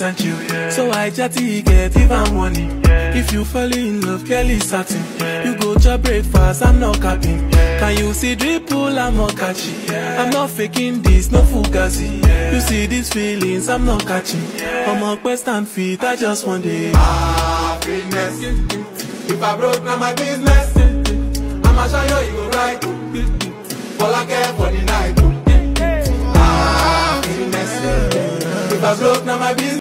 and chill. Yeah. So I chatty get even money. Yeah. If you fall in love, Kelly satin. Yeah. You go to breakfast, I'm not capping. Yeah. Can you see dripple, I'm not catchy. Yeah. I'm not faking this, no fugazi. Yeah. You see these feelings, I'm not catching. Yeah. I'm on quest and feet, I just want it. Happiness. If I broke, now my business. I'ma show you, you go right. All I care for the night. Happiness. If I broke, now my business.